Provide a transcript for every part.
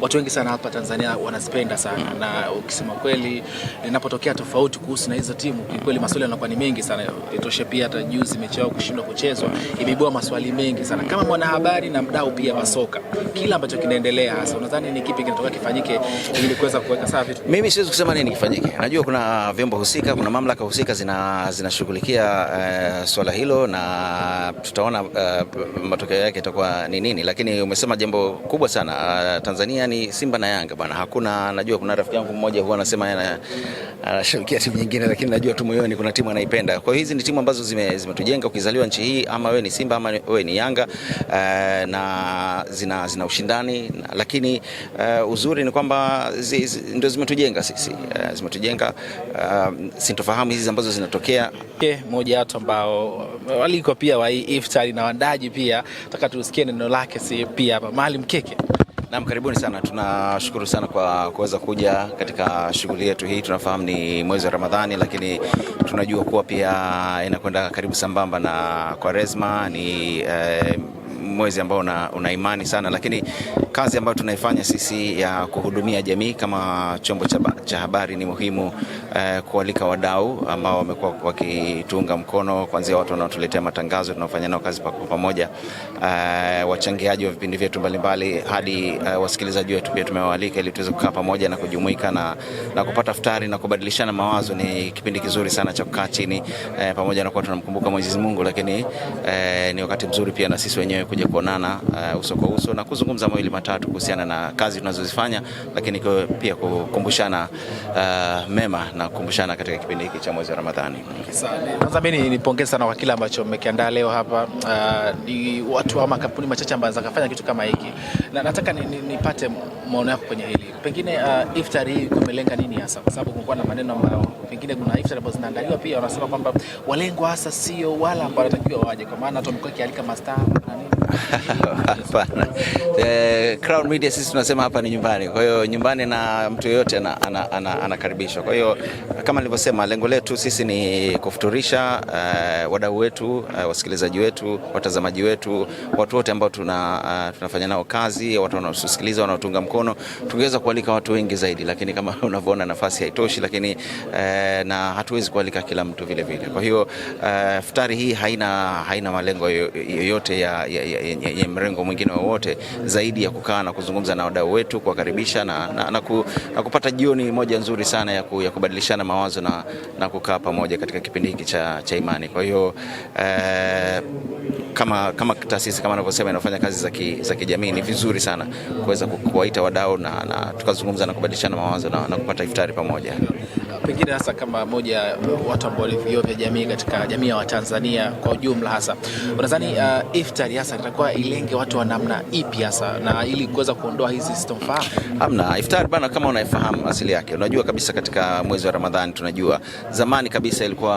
watu wengi sana hapa Tanzania wanazipenda sana mm. na ukisema kweli, inapotokea tofauti kuhusu na hizo timu kwa kweli maswali yanakuwa ni mengi sana. Itoshe pia hata juzi mechi yao kushindwa kuchezwa imeibua maswali mengi sana. Kama mwanahabari na mdau pia wa soka, kila ambacho kinaendelea hasa, unadhani ni kipi kinatoka kifanyike ili kuweza kuweka sawa vitu? Mimi siwezi kusema nini kifanyike, najua kuna vyombo husika, kuna mamlaka husika zina zinashughulikia uh, swala hilo na tutaona uh, matokeo yake itakuwa ni nini, lakini umesema jambo kubwa sana uh, Tanzania Tanzania ni Simba na Yanga bana, Hakuna, najua kuna rafiki yangu mmoja huwa anasema anashirikia timu nyingine, lakini najua tu moyoni kuna timu anaipenda. Kwa hiyo hizi ni timu ambazo zimetujenga, zime ukizaliwa nchi hii, ama we ni Simba ama we ni Yanga uh, na zina, zina ushindani na, lakini uh, uzuri ni kwamba zi, zi, ndio zimetujenga sisi uh, zimetujenga uh, sintofahamu hizi ambazo zinatokea okay, moja watu ambao waliko pia wa iftari na wandaji pia, nataka tusikie neno lake si pia hapa Maalim Keke. Naam, karibuni sana. Tunashukuru sana kwa kuweza kuja katika shughuli yetu hii. Tunafahamu ni mwezi wa Ramadhani, lakini tunajua kuwa pia inakwenda karibu sambamba na Kwaresma ni eh, mwezi ambao una, una imani sana lakini kazi ambayo tunaifanya sisi ya kuhudumia jamii kama chombo cha habari ni muhimu eh, kualika wadau ambao wamekuwa wakituunga mkono kuanzia watu wanaotuletea matangazo tunaofanya nao kazi kwa pamoja, eh, wachangiaji wa vipindi vyetu mbalimbali hadi eh, wasikilizaji wetu pia tumewaalika ili tuweze kukaa pamoja na kujumuika na, na kupata futari na kubadilishana mawazo. Ni kipindi kizuri sana cha kukaa chini eh, pamoja na kuwa tunamkumbuka Mwenyezi Mungu, lakini eh, ni wakati mzuri pia na sisi wenyewe kuja kuonana eh, uso kwa uso na kuzungumza mawili matatu kuhusiana na kazi tunazozifanya, lakini pia kukumbushana uh, mema na kukumbushana katika kipindi hiki cha mwezi wa Ramadhani. Kwanza mimi nipongeze sana kwa kile ambacho mmekiandaa leo hapa. Uh, ni watu ama kampuni machache ambazo zakafanya kitu kama hiki na nataka nipate ni, ni maono yako kwenye hili pengine, uh, iftari hii kumelenga nini hasa? Kwa sababu kumekuwa na maneno ambayo pengine kuna iftari ambazo zinaandaliwa pia, wanasema kwamba walengwa hasa sio wala ambao wanatakiwa waje, kwa maana watu wamekuwa kialika mastaa na nini Hapana. Eh, Crown Media sisi tunasema hapa ni nyumbani. Kwa hiyo nyumbani na mtu yeyote anakaribishwa. Ana, ana, kwa hiyo kama nilivyosema, lengo letu sisi ni kufuturisha uh, wadau wetu uh, wasikilizaji wetu, watazamaji wetu, watu wote ambao tuna, uh, tunafanya nao kazi, watu wanaotusikiliza, wanaotunga mkono mkono, tungeweza kualika watu wengi zaidi, lakini kama unavyoona nafasi haitoshi, lakini eh, na hatuwezi kualika kila mtu vile vile. Kwa hiyo eh, futari hii haina, haina malengo yoyote ya, ya, ya, ya, ya ya mrengo mwingine wowote zaidi ya kukaa na kuzungumza na wadau wetu, kuwakaribisha na, na, na, ku, na kupata jioni moja nzuri sana ya, ku, ya kubadilishana mawazo na, na kukaa pamoja katika kipindi hiki cha, cha imani. Kwa hiyo eh, kama, kama taasisi kama anavyosema inafanya kazi za kijamii, ni vizuri sana kuweza kuwaita wadau na, na tukazungumza na kubadilishana mawazo na, na kupata iftari pamoja pengine hasa kama moja watu ambao walio vioo vya jamii katika jamii ya Watanzania kwa ujumla, hasa unadhani uh, iftari hasa itakuwa ilenge watu wa namna ipi hasa, na ili kuweza kuondoa hizi sitomfahamu? Hamna iftari bana, kama unaifahamu asili yake, unajua kabisa katika mwezi wa Ramadhani, tunajua zamani kabisa ilikuwa,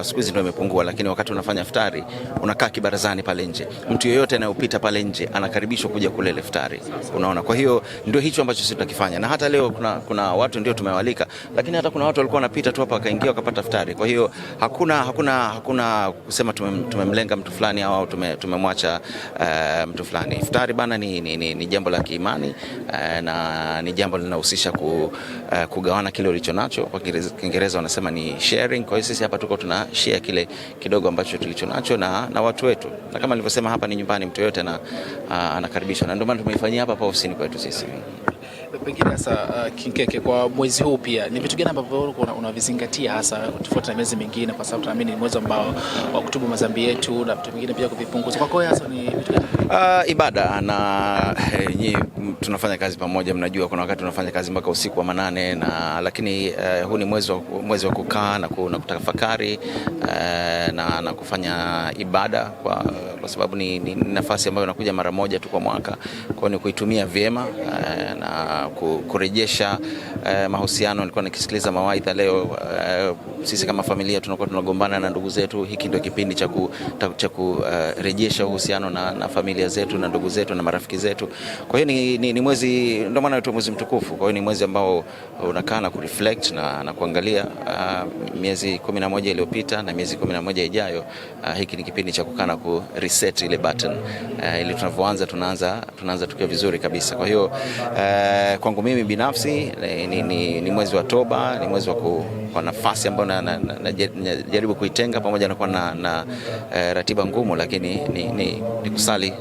uh, siku hizi ndio imepungua, lakini wakati unafanya iftari unakaa kibarazani pale nje, mtu yeyote anayopita pale nje anakaribishwa kuja kule iftari, unaona. Kwa hiyo ndio hicho ambacho sisi tunakifanya, na hata leo kuna, kuna watu ndio tumewalika, lakini hata kuna watu walikuwa wanapita tu hapa wakaingia wakapata futari. Kwa hiyo hakuna, hakuna, hakuna kusema tumemlenga mtu fulani au tumemwacha uh, mtu fulani. Futari bana ni, ni, ni, ni jambo la kiimani uh, na ni jambo linahusisha ku, uh, kugawana kile ulicho nacho. Kwa Kiingereza wanasema ni sharing. Kwa hiyo sisi hapa tuko tuna share kile kidogo ambacho tulicho nacho na, na watu wetu, na kama nilivyosema hapa ni nyumbani, mtu yoyote ah, anakaribishwa na, uh, na ndio maana tumeifanyia hapa hapa ofisini kwetu sisi. Pengine hasa uh, Kinkeke, kwa mwezi huu pia ni vitu gani ambavyo unavizingatia hasa tofauti na miezi mingine, kwa sababu tunaamini ni mwezi ambao wa kutubu mazambi yetu na vitu vingine pia kuvipunguza. Kwako hasa ni vitu gani? Uh, ibada na eh, tunafanya kazi pamoja, mnajua kuna wakati tunafanya kazi mpaka usiku wa manane na lakini uh, huu ni mwezi wa, mwezi wa kukaa na kutafakari uh, na, na kufanya ibada kwa, kwa sababu ni, ni nafasi ambayo inakuja mara moja tu kwa mwaka, kwa ni kuitumia vyema uh, na kurejesha uh, mahusiano. Nilikuwa nikisikiliza mawaidha leo uh, sisi kama familia tunakuwa tunagombana na ndugu zetu. Hiki ndio kipindi cha kurejesha uh, uhusiano na, na familia zetu na ndugu zetu na marafiki zetu. Kwa hiyo ni, ni, ni mwezi, ndio maana tu mwezi mtukufu. Kwa hiyo ni mwezi ambao unakaa na kureflect na, na kuangalia uh, miezi kumi na moja iliyopita na miezi kumi na moja ijayo. Uh, hiki ni kipindi cha kukaa na ku reset ile button uh, ili tunavyoanza tunaanza tunaanza tukiwa vizuri kabisa. Kwa hiyo uh, kwangu mimi binafsi ni, ni, ni, ni mwezi wa toba, ni mwezi wa ku kwa nafasi ambayo najaribu na, na, na, na, kuitenga pamoja na kuwa na, na eh, ratiba ngumu, lakini ni, ni, ni kusali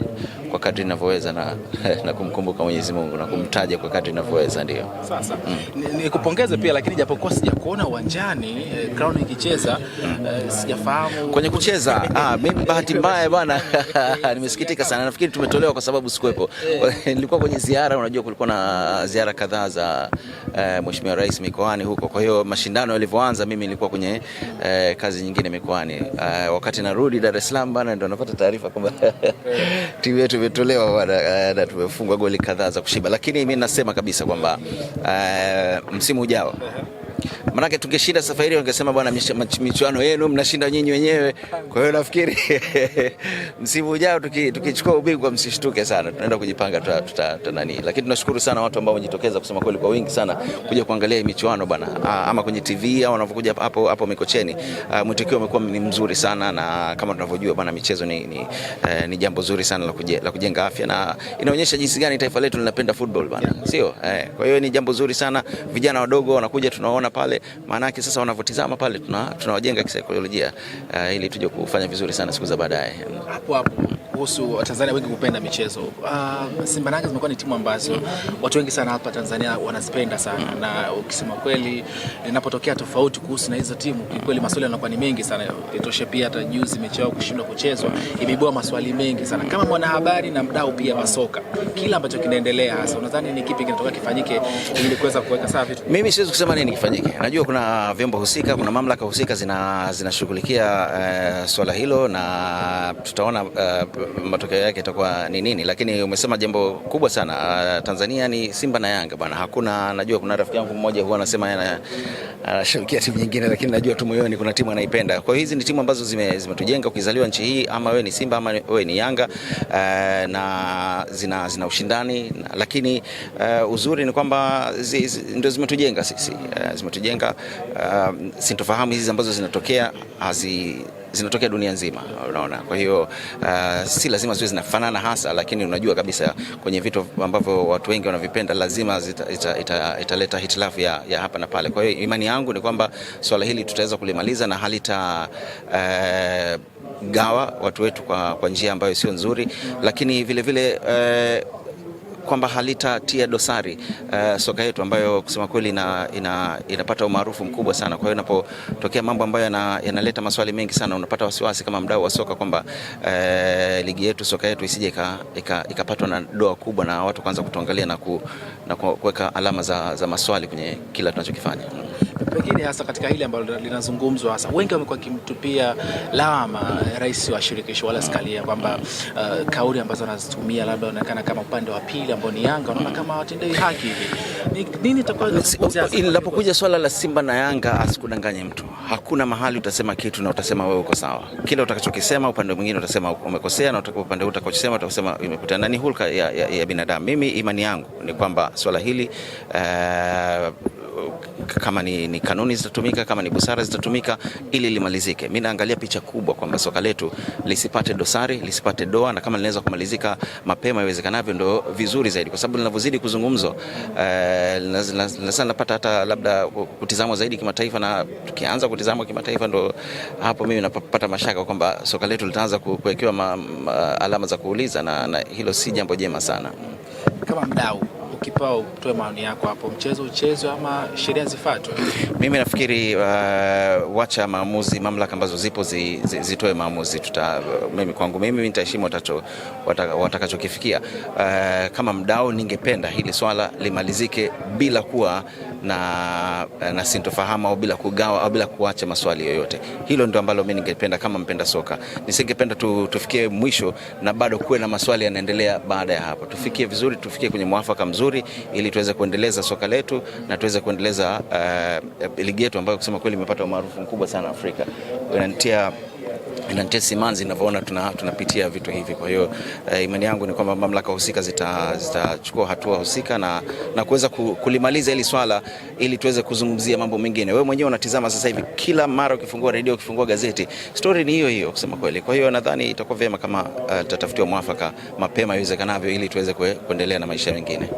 kwa kadri ninavyoweza na, na kumkumbuka Mwenyezi Mungu na kumtaja kwa kadri ninavyoweza ndio. Sasa mm. nikupongeze ni pia, lakini japokuwa sijakuona uwanjani eh, Crown ikicheza mm. eh, sijafahamu kwenye kucheza ah, mimi bahati mbaya bwana nimesikitika sana, nafikiri tumetolewa kwa sababu sikuwepo. Eh. Nilikuwa kwenye ziara, unajua kulikuwa na ziara kadhaa za eh, Mheshimiwa Rais mikoani huko, kwa hiyo mashindano nilivyoanza mimi nilikuwa kwenye eh, kazi nyingine mikoani eh, wakati narudi Dar es Salaam bana, ndo napata taarifa kwamba timu yetu imetolewa bana eh, na tumefungwa goli kadhaa za kushiba, lakini mimi nasema kabisa kwamba eh, msimu ujao Manake tungeshinda safari wangesema bwana, michuano yenu mnashinda nyinyi wenyewe. Kwa hiyo nafikiri msimu ujao tukichukua tuki ubingwa, msishtuke sana, tunaenda kujipanga tuta, tuta, tuta nani. Lakini tunashukuru sana watu ambao wamejitokeza kusema kweli kwa wingi sana kuja kuangalia michuano bwana, ama kwenye TV au wanavyokuja hapo hapo Mikocheni. Mwitikio umekuwa ni mzuri sana, na kama tunavyojua bwana, michezo ni, ni, eh, ni jambo zuri sana la, kuje, la kujenga afya na inaonyesha jinsi gani taifa letu linapenda football bwana, sio eh? Kwa hiyo ni jambo zuri sana, vijana wadogo wanakuja tunaona wanaona pale, yake sasa wanavyotizama pale tunawajenga tuna kisaikolojia uh, ili tuje kufanya vizuri sana siku za baadaye hapo hapo kuhusu Tanzania wengi kupenda michezo uh, Simba Yanga zimekuwa ni timu ambazo watu wengi sana hapa Tanzania wanazipenda sana, na ukisema kweli, inapotokea tofauti kuhusu na hizo timu, kwa kweli maswali yanakuwa ni mengi sana. Itoshe pia hata juzi mechi yao kushindwa kuchezwa imeibua maswali mengi sana. Kama mwanahabari na mdau pia wa soka, kila ambacho kinaendelea hasa, unadhani ni kipi kinatoka kifanyike ili kuweza kuweka sawa vitu? Mimi siwezi kusema nini kifanyike, najua kuna vyombo husika, kuna mamlaka husika zinashughulikia zina uh, eh, swala hilo na tutaona uh, matokeo yake itakuwa ni nini, lakini umesema jambo kubwa sana. Ah, Tanzania ni Simba na Yanga bwana, hakuna. Najua kuna rafiki yangu mmoja huwa anasema anashirikia timu nyingine, lakini najua tu moyoni kuna timu anaipenda. Kwa hiyo hizi ni timu ambazo zimetujenga, zime ukizaliwa nchi hii, ama we ni Simba ama we ni Yanga, ah, na zina, zina ushindani, lakini ah, uzuri ni kwamba zi, zi, ndio zimetujenga sisi, zimetujenga sintofahamu hizi ambazo zinatokea hazi zinatokea dunia nzima, unaona. Kwa hiyo uh, si lazima ziwe zinafanana hasa, lakini unajua kabisa kwenye vitu ambavyo watu wengi wanavipenda lazima italeta ita, ita, ita hitilafu ya, ya hapa na pale. Kwa hiyo imani yangu ni kwamba swala hili tutaweza kulimaliza na halita uh, gawa watu wetu kwa, kwa njia ambayo sio nzuri, lakini vilevile vile, uh, kwamba halitatia dosari uh, soka yetu ambayo kusema kweli ina, ina, inapata umaarufu mkubwa sana. Kwa hiyo inapotokea mambo ambayo yanaleta maswali mengi sana, unapata wasiwasi kama mdau wa soka kwamba uh, ligi yetu soka yetu isije ikapatwa na doa kubwa na watu kuanza kutuangalia na, ku, na kuweka alama za, za maswali kwenye kila tunachokifanya pengine hasa katika hili ambalo linazungumzwa hasa, wengi wamekuwa kimtupia lawama rais wa shirikisho wala Skalia kwamba uh, kauli ambazo anazitumia labda inaonekana kama upande wa pili ambao ni Yanga wanaona kama hawatendei haki hivi. Nini inapokuja swala la Simba na Yanga, asikudanganye mtu. Hakuna mahali utasema kitu na utasema wewe uko sawa. Kile utakachokisema upande mwingine utasema umekosea, na upande utakachosema utasema imepitana. Nani hulka ya, ya, ya binadamu. Mimi imani yangu ni kwamba swala hili uh, kama ni, ni kanuni zitatumika, kama ni busara zitatumika ili limalizike. Mimi naangalia picha kubwa kwamba soka letu lisipate dosari, lisipate doa, na kama linaweza kumalizika mapema iwezekanavyo ndio vizuri zaidi, kwa sababu linavyozidi kuzungumzwa eh, napata hata labda kutizamwa zaidi kimataifa, na tukianza kutizamwa kimataifa ndio hapo mimi napata mashaka kwamba soka letu litaanza kuwekewa alama za kuuliza na, na hilo si jambo jema sana kama mdau kipao, utoe maoni yako hapo, mchezo uchezwe ama sheria zifuatwe? Mimi nafikiri uh, wacha maamuzi, mamlaka ambazo zipo zi, zi, zitoe maamuzi. Tuta, mimi kwangu mimi nitaheshimu watakachokifikia. Uh, kama mdau, ningependa hili swala limalizike bila kuwa na, eh, na sintofahamu au bila kugawa au bila kuacha maswali yoyote. Hilo ndio ambalo mimi ningependa kama mpenda soka, nisingependa tu, tufikie mwisho na bado kuwe na maswali yanaendelea baada ya hapo. Tufikie vizuri, tufikie kwenye mwafaka mzuri, ili tuweze kuendeleza soka letu na tuweze kuendeleza uh, ligi yetu ambayo kusema kweli imepata umaarufu mkubwa sana Afrika. Inanitia inantesi manzi inavyoona tunapitia tuna vitu hivi. Kwa hiyo eh, imani yangu ni kwamba mamlaka husika zitachukua zita hatua husika na, na kuweza kulimaliza hili swala ili tuweze kuzungumzia mambo mengine. Wewe mwenyewe unatizama sasa hivi, kila mara ukifungua redio, ukifungua gazeti, stori ni hiyo hiyo kusema kweli. Kwa hiyo nadhani itakuwa vyema kama uh, eh, tatafutiwa mwafaka mapema iwezekanavyo ili tuweze kuendelea na maisha mengine.